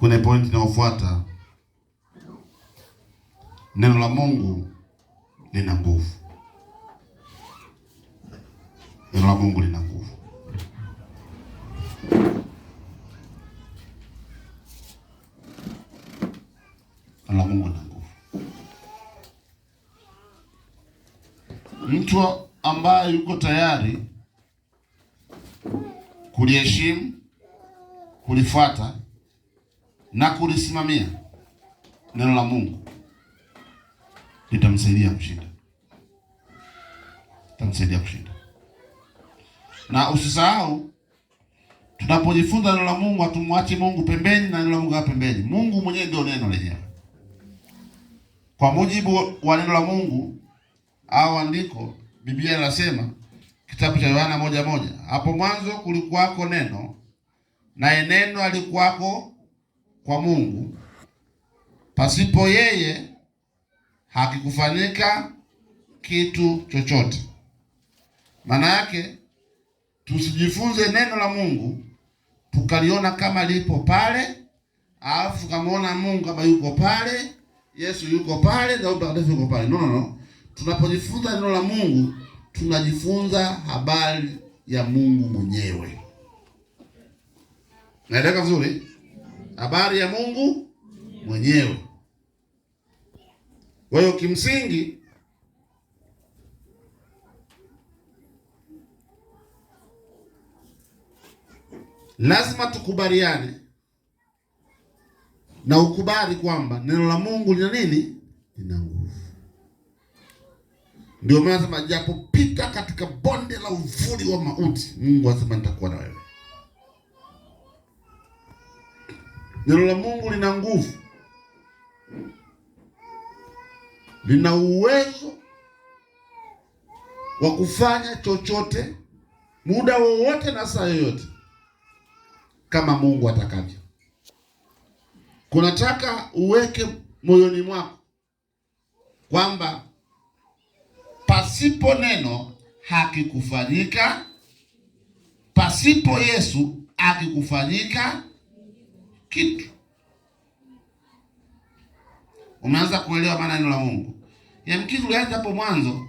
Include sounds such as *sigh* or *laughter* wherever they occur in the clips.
kwenye point inayofuata. Neno la Mungu lina nguvu. Neno la Mungu lina nguvu. Neno la Mungu lina nguvu. Mtu ambaye yuko tayari kuliheshimu, kulifuata na kulisimamia neno la Mungu litamsaidia kushinda, litamsaidia kushinda. Na usisahau tunapojifunza neno la Mungu, hatumwachi Mungu pembeni na neno la Mungu pembeni. Mungu mwenyewe ndio neno lenyewe. Kwa mujibu wa neno la Mungu au andiko, Biblia inasema kitabu cha Yohana moja moja, hapo mwanzo kulikuwako neno, naye neno alikuwako kwa Mungu, pasipo yeye hakikufanyika kitu chochote. Maana yake tusijifunze neno la Mungu tukaliona kama lipo pale, alafu tukamwona Mungu kama yuko pale, Yesu yuko pale, na Mtakatifu yuko pale. No, no, no. Tunapojifunza neno la Mungu tunajifunza habari ya Mungu mwenyewe. Naeleka vizuri? habari ya Mungu mwenyewe. Kwa hiyo kimsingi lazima tukubaliane na ukubali kwamba neno la Mungu lina nini? Lina nguvu. Ndio maana sema, japopita katika bonde la uvuli wa mauti, Mungu asema nitakuwa na wewe. Neno la Mungu lina nguvu, lina uwezo wa kufanya chochote muda wowote na saa yoyote kama Mungu atakavyo. Kunataka uweke moyoni mwako kwamba pasipo neno hakikufanyika, pasipo Yesu hakikufanyika kitu. Umeanza kuelewa maana neno la Mungu? Yamkini ulianza hapo mwanzo,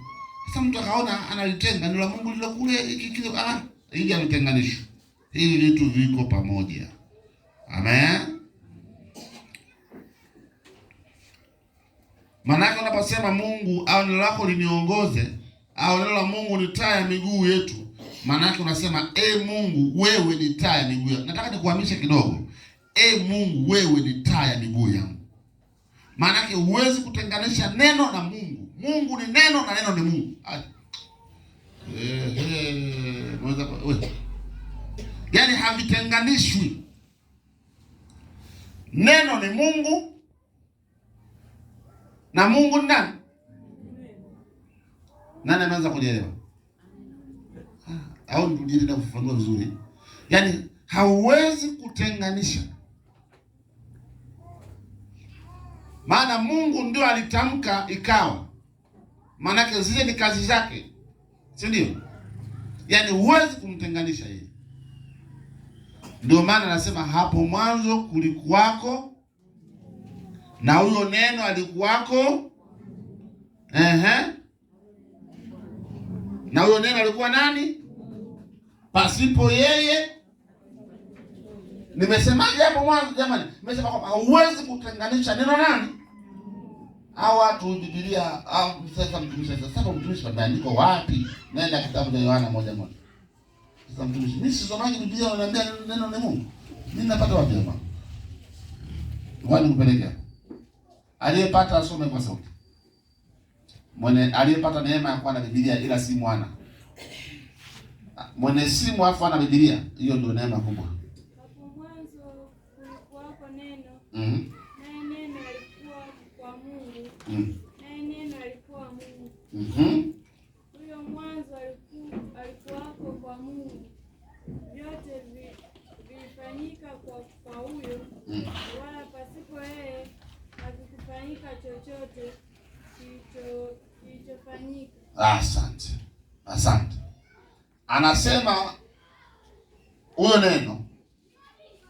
sasa mtu akaona analitenga neno la Mungu lilo kule, hiki kile, ah, hili alitenganishwa. Hivi vitu viko pamoja. Amen. Maana Maanake unaposema Mungu au neno lako liniongoze au neno la Mungu ni taa ya miguu yetu, maanake unasema e, Mungu wewe ni taa ya miguu yetu. Nataka nikuhamishe kidogo E Mungu, wewe ni taa ya miguu yangu. Maanake huwezi kutenganisha neno na Mungu. Mungu ni neno na neno ni Mungu. Yaani havitenganishwi. Neno ni Mungu na Mungu ni nani? Nani ameanza kuelewa? Ah, au ndio ndio nafafanua vizuri. Yaani hauwezi kutenganisha maana Mungu ndio alitamka ikawa. Maanake zile ni kazi zake, si ndio? Yaani huwezi kumtenganisha yeye. Ndio maana anasema hapo mwanzo kulikuwako na huyo neno alikuwako. Ehe, na huyo neno alikuwa nani? Pasipo yeye Nimesemaje hapo mwanzo jamani? Nimesema kwamba huwezi kutenganisha neno nani hao watu Biblia au sasa mtumishi sasa mtumishi ameandika wapi? Nenda kitabu cha Yohana moja moja. Sasa mtumishi, mimi sisomaji Biblia unaniambia neno ni Mungu. Mimi napata wapi hapa? Wani kupelekea. Aliyepata asome kwa sauti. Mwenye aliyepata neema ya kuwa na Biblia ila si mwana. Mwenye simu afu ana Biblia, hiyo ndio neema kubwa. Mm. Naye neno alikuwa kwa Mungu. Mm. Naye neno alikuwa Mungu. Mhm. Huyo mwanzo alikuwa alikuwako kwa Mungu. Vyote vilifanyika kwa kwa huyo. Mm. Wala pasipo yeye hakikufanyika chochote kilicho kilichofanyika. Asante. Asante. Anasema huyo neno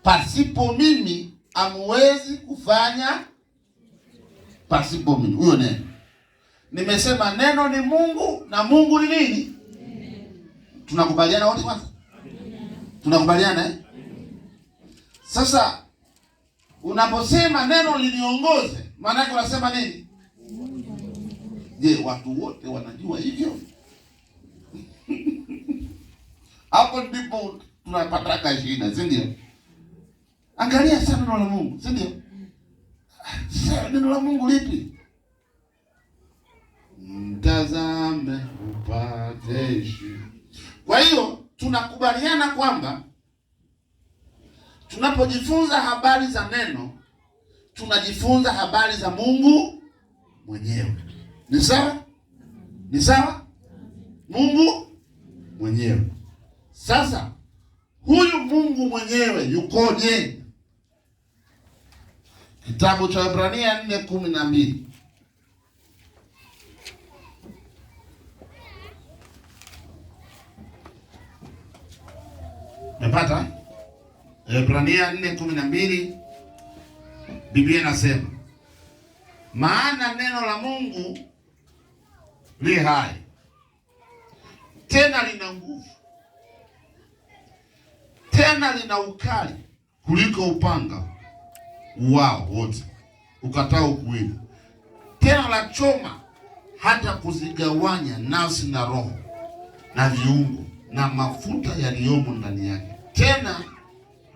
pasipo mimi Amwezi kufanya pasipo mimi. Huyo neno nimesema, neno ni Mungu na Mungu ni nini? Tunakubaliana wote kwanza, tunakubaliana eh? Sasa unaposema neno liniongoze, maana yake unasema nini? Je, watu wote wanajua hivyo? *laughs* Hapo ndipo tunapataka shida, si ndio? Angalia sasa neno la Mungu, si ndio? Sasa neno la Mungu lipi? Mtazame upate. Kwa hiyo tunakubaliana kwamba tunapojifunza habari za neno tunajifunza habari za Mungu mwenyewe. Ni sawa? Ni sawa? Mungu mwenyewe. Sasa huyu Mungu mwenyewe yukoje? Kitabu cha Waebrania nne kumi na mbili. Mepata? Waebrania nne kumi na mbili. Biblia inasema maana neno la Mungu li hai tena lina nguvu tena lina ukali kuliko upanga wao wote, ukatao kuwili tena la choma hata kuzigawanya nafsi na roho na viungo na mafuta yaliyomo ndani yake, tena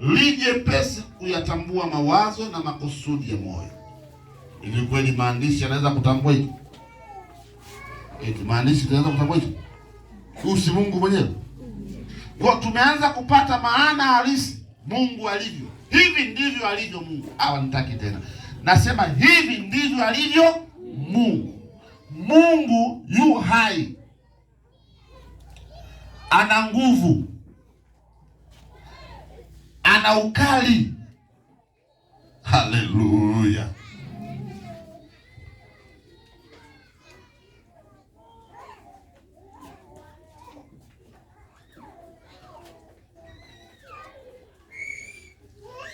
lijepesi kuyatambua mawazo na makusudi ya moyo. Ili kweli maandishi yanaweza kutambua hicho? Eti maandishi yanaweza kutambua hicho? Huyu si Mungu mwenyewe? Kwa tumeanza kupata maana halisi Mungu alivyo. Hivi ndivyo alivyo Mungu. Hawanitaki tena, nasema hivi ndivyo alivyo Mungu. Mungu yu hai, ana nguvu, ana ukali. Haleluya!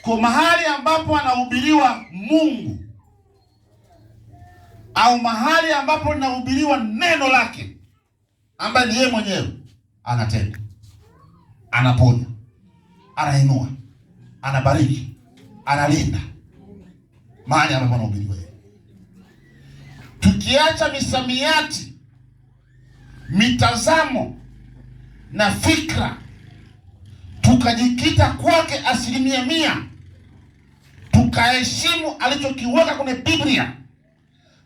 Kwa mahali ambapo anahubiriwa Mungu au mahali ambapo linahubiriwa neno lake, ambaye ni yeye mwenyewe, anatenda, anaponya, anainua, anabariki, analinda mahali ambapo anahubiriwa yeye. Tukiacha misamiati, mitazamo na fikra, tukajikita kwake asilimia mia tukaheshimu alichokiweka kwenye Biblia,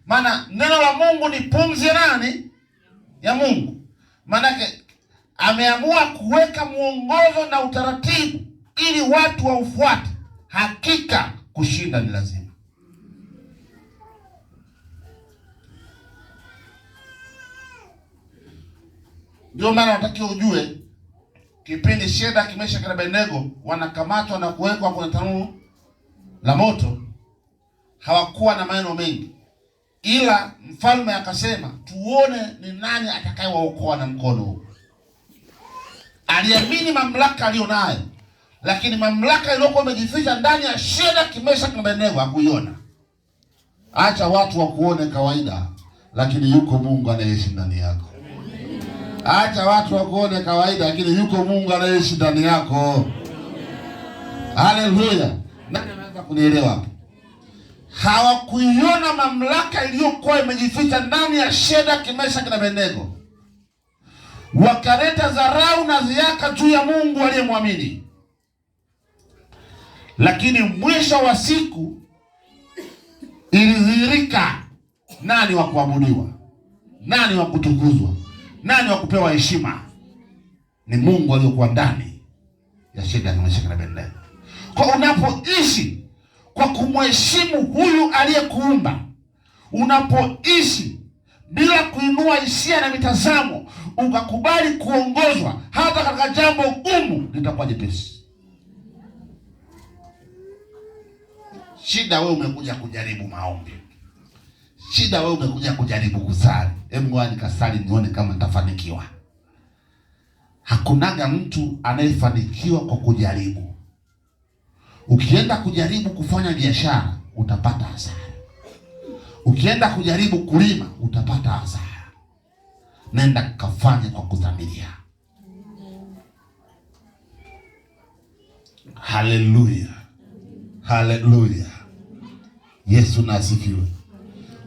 maana neno la Mungu ni pumzi ya nani? Ya Mungu. Maanake ameamua kuweka mwongozo na utaratibu ili watu waufuate. Hakika kushinda ni lazima. Ndio maana watakiwa ujue, kipindi sheda Kimesha, na wanakamatwa na kuwekwa kwenye tanuru la moto, hawakuwa na maneno mengi, ila mfalme akasema, tuone ni nani atakayewaokoa na mkono huu. Aliamini mamlaka aliyonayo, lakini mamlaka iliyokuwa imejificha ndani ya Shedaki, Meshaki na Abednego hakuiona. Acha watu wakuone kawaida, lakini yuko Mungu anayeishi ndani yako. Acha watu wakuone kawaida, lakini yuko Mungu anayeishi ndani yako. Haleluya! Nani anaweza kunielewa? Hawakuiona mamlaka iliyokuwa imejificha ndani ya sheda Meshaki na Abednego, wakaleta dharau na ziaka juu ya Mungu aliyemwamini. Lakini mwisho wa siku ilidhihirika nani wa kuabudiwa, nani wa kutukuzwa, nani wa kupewa heshima? Ni Mungu aliyokuwa ndani ya Shadraka, Meshaki na Abednego. Kwa unapoishi kwa kumheshimu huyu aliyekuumba, unapoishi bila kuinua hisia na mitazamo, ukakubali kuongozwa hata katika jambo gumu, litakuwa jepesi. Shida wewe umekuja kujaribu maombi, shida wewe umekuja kujaribu kusali. Hebu ngoja nikasali nione kama nitafanikiwa. Hakunaga mtu anayefanikiwa kwa kujaribu. Ukienda kujaribu kufanya biashara utapata hasara, ukienda kujaribu kulima utapata hasara. Nenda kafanye kwa kudhamiria. Haleluya, haleluya, Yesu na asifiwe.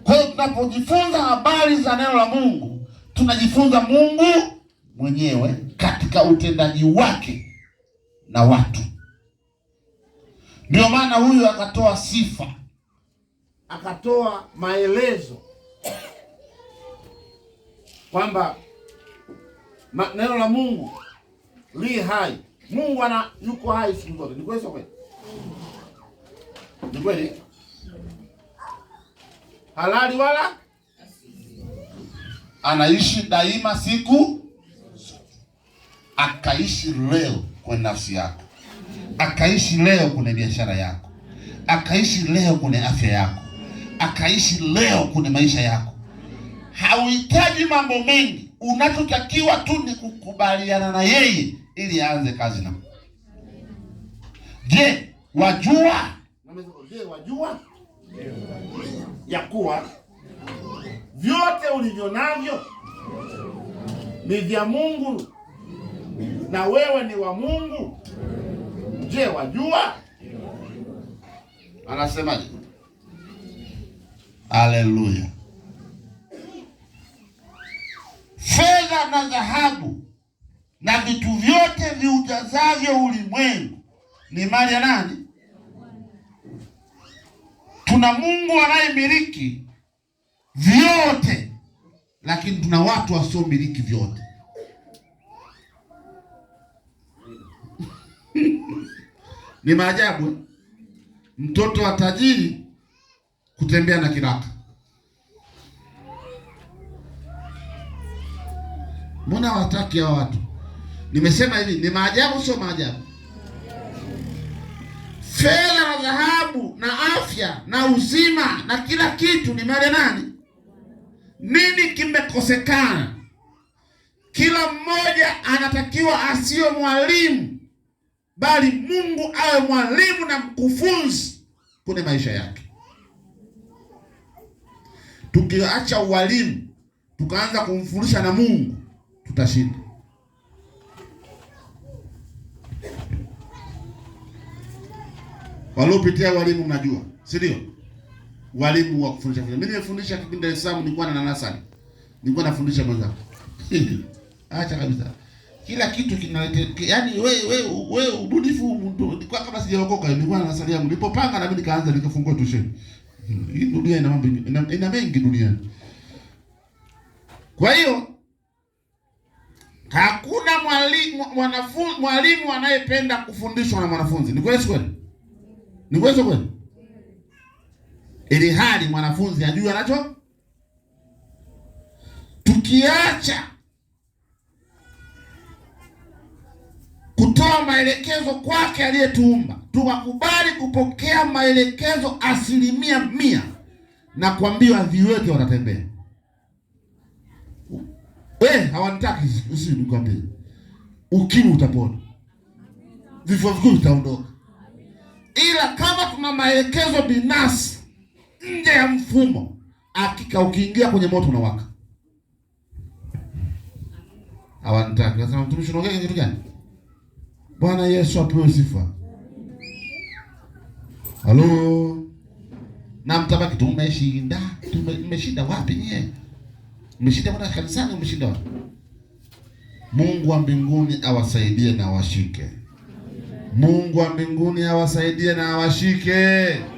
Kwa hiyo tunapojifunza habari za neno la Mungu tunajifunza Mungu mwenyewe katika utendaji wake na watu ndio maana huyu akatoa sifa, akatoa maelezo kwamba neno la Mungu li hai. Mungu ana yuko hai siku zote. Ni kweli, sio kweli? Ni kweli, halali wala anaishi daima siku, akaishi leo kwa nafsi yako akaishi leo kwenye biashara yako, akaishi leo kwenye afya yako, akaishi leo kwenye maisha yako. Hauhitaji mambo mengi, unachotakiwa tu ni kukubaliana na yeye ili aanze kazi na. Je, wajua? Je, wajua ya kuwa vyote ulivyo navyo ni vya Mungu na wewe ni wa Mungu? Je, wajua? Anasemaje? Haleluya! Fedha na dhahabu na vitu vyote viujazavyo ulimwengu ni mali ya nani? Tuna Mungu anayemiliki vyote, lakini tuna watu wasiomiliki vyote. Ni maajabu eh? mtoto wa tajiri kutembea na kiraka. Mbona wataki hawa watu? Nimesema hivi, ni maajabu, sio maajabu? Fedha na dhahabu na afya na uzima na kila kitu ni mali nani? Nini kimekosekana? Kila mmoja anatakiwa asiyo mwalimu bali Mungu awe mwalimu na mkufunzi kwenye maisha yake. Tukiacha ualimu tukaanza kumfundisha na Mungu, tutashinda. Waliopitia walimu mnajua, si ndio? Walimu wa kufundisha. Mimi nimefundisha kipindi Dar es Salaam, nilikuwa na nanasani, nilikuwa nafundisha mwanzo. *laughs* acha kabisa kila kitu kinalete, yaani we we we ubunifu mtu kwa kama sijaokoka nilikuwa nasalia nilipopanga na mimi nikaanza nikafungua tushe. Hii dunia ina mambo ina, ina mengi duniani. Kwa hiyo hakuna mwalimu mwanafunzi mwalimu anayependa kufundishwa na mwanafunzi. Ni kweli kweli? Ni kweli kweli? Ili hali mwanafunzi ajue anacho tukiacha kutoa maelekezo kwake aliyetuumba. Tukakubali kupokea maelekezo asilimia mia na kuambiwa viwete watatembea. We, hawanitaki usi nikwambie, ukimwi utapona, vifo vikuu vitaondoka, ila kama tuna maelekezo binafsi nje ya mfumo, hakika ukiingia kwenye moto unawaka. Hawanitaki, nasema mtumishi, unaongea kitu gani? Bwana Yesu apewe sifa. Halo, na mtabaki tumeshinda. Tumeshinda wapi nyie? Mmeshinda mbona kanisani? Mmeshinda wapi? Mungu wa mbinguni awasaidie na awashike. Mungu wa mbinguni awasaidie na awashike.